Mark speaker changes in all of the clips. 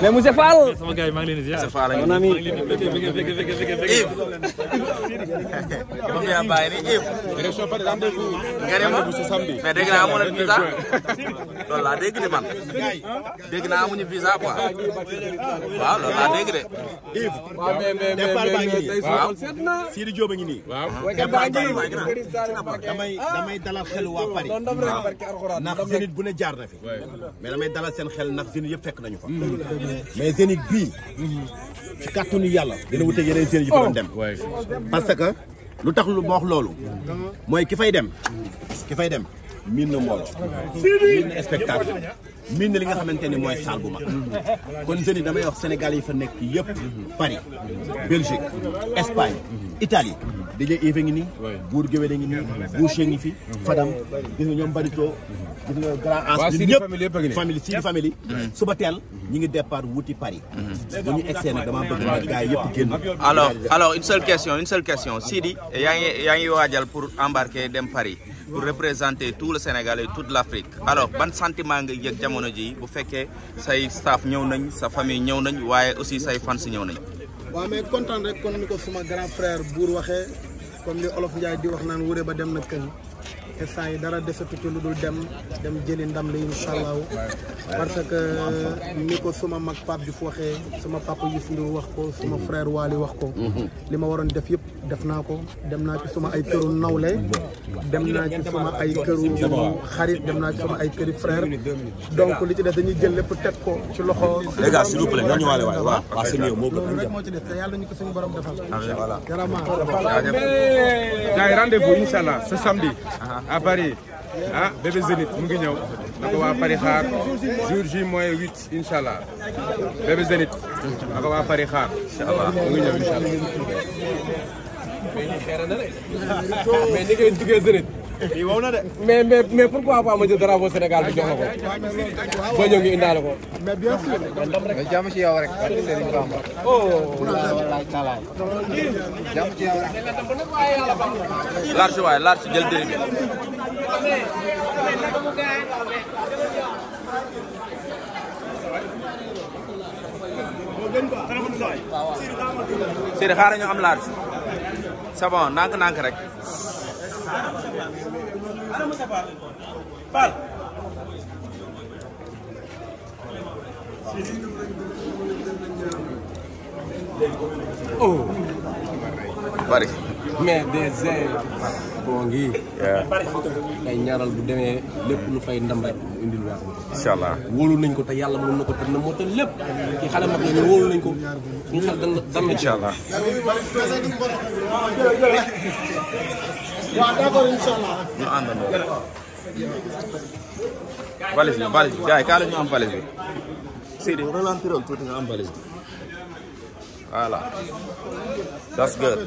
Speaker 1: mais monsieur Fall. sama gars yi maa ngi leen di ziar. monsieur Fall ak maa ngi leen di bëgg bëgg bëgg bëgg bëgg. Yves. moom yaa bàyyi ni Yves. direction par exemple bu. nga dem bu ah. samedi. mais dégg naa amoon na visa. loolu laa dégg de man. dégg naa amuñu visa quoi. waaw loolu laa dégg de. Yves. waaw mais mais mais mais waaw. Sidi Diop a ngi nii. waaw. Ah. damay ah. damay dalal xel waa Paris. ndax Zénith bu ne jaar na fi. mais damay dalal seen xel ndax Zénith yëpp fekk nañu fa. Mm. mais Zénith bii. ci kàttanu yàlla. dina wute yeneen Zénith yi doon dem. Oh. parce que lu tax lu boox loolu. mooy ki fay dem. ki fay dem miin na mbooloo. miin na miin na li nga xamante ni mooy saal bu mag kon jeunes yi damay wax Sénégal yi fa nekk yëpp Paris Belgique Espagne Italie dañuy Yves ngi nii buur géwél a ngi nii Boucher ngi fi Fadam gis nga ñoom Barito gis nga grand ans ñun suba teel ñi ngi départ wuti Paris bu ñu egsee nag bëgg na gars yëpp génn alors alors une seule question une seule question Sidi yaa ngi yaa ngi waajal pour embarquer dem Paris pour représenter tout le Sénégal et toute l'Afrique alors ban sentiment nga yëg jamono ji bu fekkee say staff ñëw nañ sa famille ñëw nañ waaye aussi say fans ñëw nañ waaw mais kontaan rek kon ni ko suma grand frère buur waxee comme li olof Ndiaye di wax naan wure ba dem na kën instant yi dara desatu ci lu dul dem dem jëli ndam la incha parce que ni ko suma mag Pape Diouf waxee suma papa Youssou Ndour wax ko suma frère Waly wax ko mhm. li ma waroon def yëpp def naa ko dem naa ci suma ay këru nawle dem naa ci suma ay këru xarit dem naa ci suma ay këri frère donc li ci def dañuy jël lépp teg ko ci loxo. les gars s'il vous plaît nga ñëwaale waay waaw waaw c'est mieux ko borom defal. Ah, voilà vraiment. gars yi rendez-vous incha allah ce samedi. à ah, mu ngi ñëw. na ko waa Paris xaar allah ko waa mu ngi ñëw xeere na de mais ni ngay diggee Zénith. kii wow na de. mais mais mais pourquoi pas ma jël ci yow rek. Serigne Bamba. oh. laaj talaay. jàmm ci yow rek. large c'est bon nànk nànk rek. oh mais des boo ngi. ay ñaaral bu demee lépp lu fay ndam rek indil weer bi. incha allah wóolu nañ ko te yàlla mën na ko te na moo tax lépp ci xale mag la ñu wóolu ko suñu xel dana dana. incha allah. waaw d'accord bi valise bi gars yi ñu am valise bi. Seydi relantiral that's good.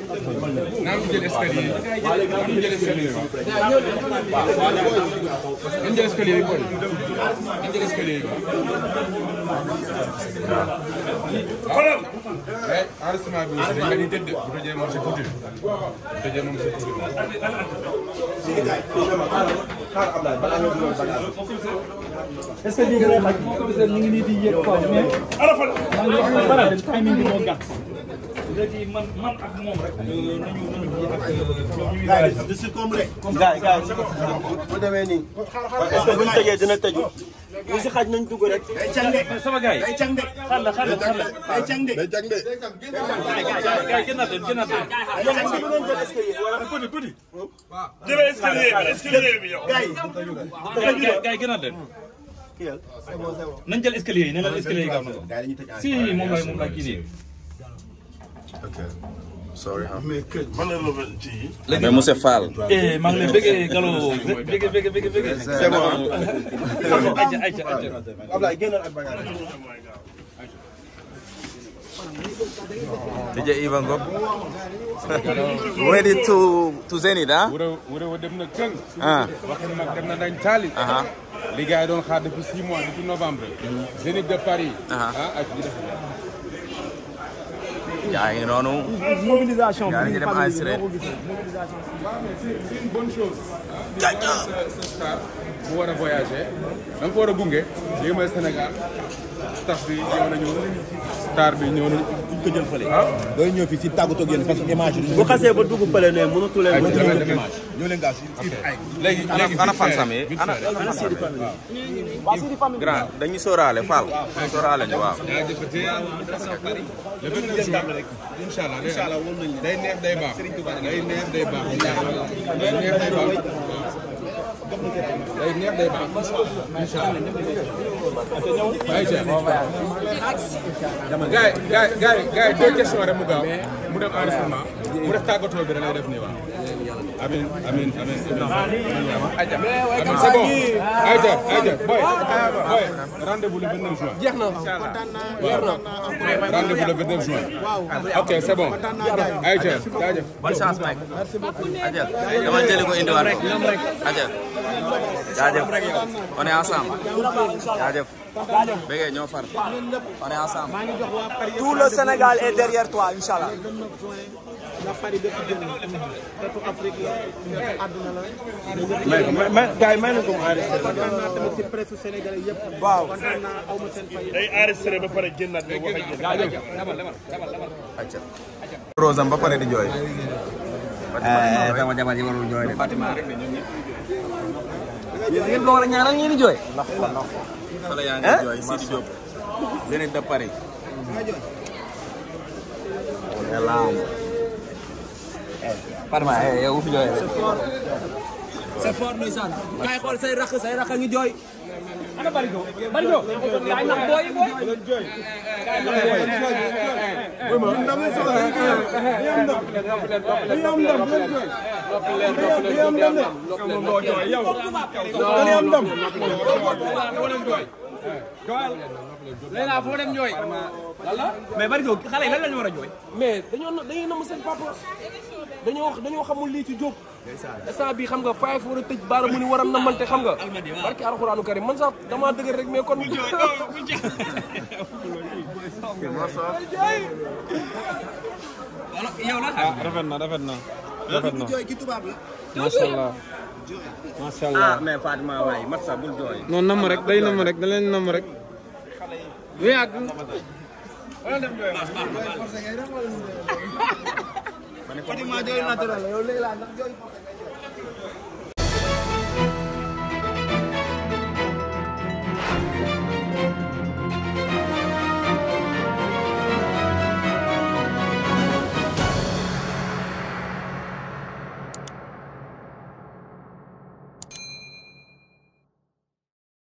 Speaker 1: naa ngi jël escalier yi naa ngi jël escalier yi waaw waaw nañ jël escalier yi bon nañ jël escalier yi xoolal mais enregistrement bi aussi dañ tëdd bu tëjee moom c'est foutu bu tëjee moom c'est foutu est-ce que lii nga xaj ñu ngi nii di yëg quoi mais timing bi moo gàtt léegi man man ak moom rek. nañu nañu nañu ak ñoom. de succombré. gars yi gars yi bu demee nii. est-ce que bu ñu tëjee dina tëju. ñu si xaj nañ dugg rek. day càng de sama gars yi. day càng de xala xala xala. day càng de day càng de. gars yi gënaat leen gënaat leen. yow est-ce que mënoon jël escalier wala petit petit. waaw jëlee escalier bi escalier bi yow. gars yi gars yi gënaat leen. kii yàlla nañ jël escalier yi ne la escalier yi gaaw na ko. si moom la moom la kii nii. ok sorry mais kër man la relevanti yi. léegi mais monsieur Fall. Eh, maa ngi lay bëggee Gallo bëggee bëggee bëggee bëggee. c'est bon ayca ayca ayca. Ablaye génnal ak bagage. DJ Ivan Ngom. ready to to Zenith ah. wuro wuro dem na kën. ah wax na dem na dañ taali. li gars yi doon xaar depuis six mois depuis novembre. Mhm. Zenith de Paris. ah ak bi def. yaa ngi noonu. mobilisation bi ñu xam ne mobilisation c'est une bonne chose. mu war a voyager da nga ko war a gunge lii mooy Sénégal staff bi ñëw nañu star bi ñëw nañu. duñ ko jël fële. waaw ah. dooy si tàggatoo ak yéen parce que image yi. bu xasee ba dugg fële ne mënatu leen. ayca dama dama ñëw leen ana fan samee ana ana Sidi Famille. waaw Sidi Famille dañuy sóoraale Fall. sóoraale ñu waaw. incha allah day neex day baax day neex day baax incha allah gaay gaay gaay gaay deux questions rek mu gaaw mu dem enregistrement mu def tàggatoo bi da ngay def nii waaw amin amin amin aja amin c'est bon aja aja boy boy rendez-vous le 29 juin jeex na rendez-vous le 29 juin ok c'est bon aja jaajëf bonne chance mec merci beaucoup aja dama jëli ko indiwaat rek aja jaajëf on est ensemble jaajëf bëggee ñoo far on est tout le Sénégal est derrière toi inshallah la fari bépp jënd bépp Afrique la àdduna la. mais may nañu ko mu enregistré. kontaan naa tamit ci presse sénégalais yëpp. waaw kontaan naa aw ma seen fay. day enregistré ba pare génnaat nga wax ak yéen. Rosam ba pare di jooy. Eh, sama jooy de. Fatima rek jooy. xale yaa ngi jooy Sidi Diop Zénith de Paris parma yow fi jooy c'est fort ndeysaan kay xool say rakk say rakk a ngi jooy ana barigo barigo ay nax booy booy ndam la soxla yi am ndam yi am ndam bu leen jooy yi am ndam de moo jooy yow dañuy am ndam léegi foo dem jooy mais barigo xale yi lan la ñu war a jooy mais dañoo dañuy namm seen papa dañoo dañoo xamul lii ci Diop. instant bi xam nga war a tëj baara mu ni war a namante xam nga barki alxuraanu karim man sax dama dëgër rek mais kon bu jooy
Speaker 2: yow la ah, rafet na rafet na
Speaker 1: na jooy ki tubaab la macha allah macha allah ah, rek day nam rek da leen nam rek pratiquement jooyu naturel la yow léegi laa ndax jooyu